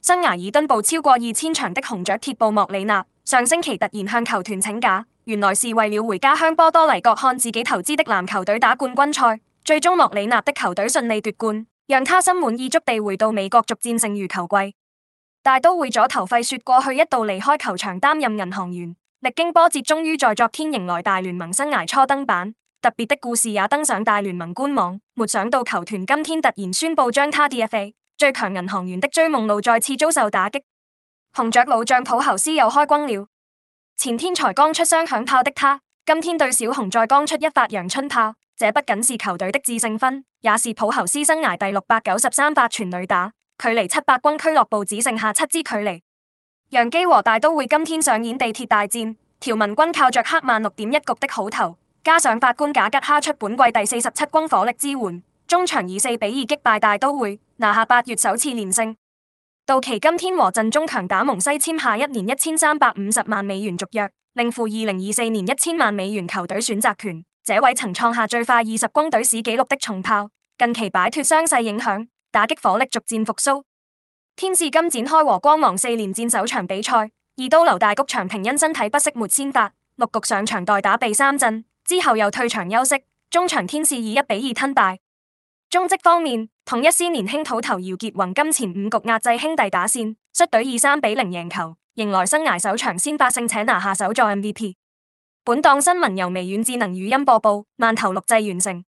生涯已蹲捕超過二千場的紅雀鐵捕莫里納，上星期突然向球團請假，原來是為了回家鄉波多黎各看自己投資的籃球隊打冠軍賽。最終莫里納的球隊順利奪冠，讓他心滿意足地回到美國逐，逐漸勝於球季。大都會左投費雪過去一度離開球場擔任銀行員，歷經波折，終於在昨天迎來大聯盟生涯初登板。特別的故事也登上大聯盟官網，沒想到球團今天突然宣布將他 DFA。最強銀行員的追夢路再次遭受打擊，紅雀老將普侯斯又開轟了。前天才剛出雙響炮的他，今天對小熊再剛出一發陽春炮。這不僅是球隊的致勝分，也是普侯斯生涯第六百九十三發全壘打，距離七百轟俱樂部只剩下七支距離。揚基和大都會今天上演地鐵大戰，條文軍靠着黑曼六點一局的好投，加上法官賈吉哈出本季第四十七轟火力支援。中場以四比二擊敗大都會，拿下八月首次連勝。道奇今天和陣中強打蒙西簽下一年一千三百五十萬美元續約，另附二零二四年一千萬美元球隊選擇權。這位曾創下最快二十轟隊史紀錄的重炮，近期擺脫傷勢影響，打擊火力逐漸復蘇。天使今展開和光芒四連戰首場比賽，二刀流大谷翔平因身體不適沒先發六局上場代打，被三振之後又退場休息。中場天使以一比二吞敗。中職方面，統一獅年輕土投姚杰宏今前五局壓制兄弟打線，率隊以三比零贏球，迎來生涯首場先發勝且拿下首座 MVP。本檔新聞由微軟智能語音播報，慢投錄製完成。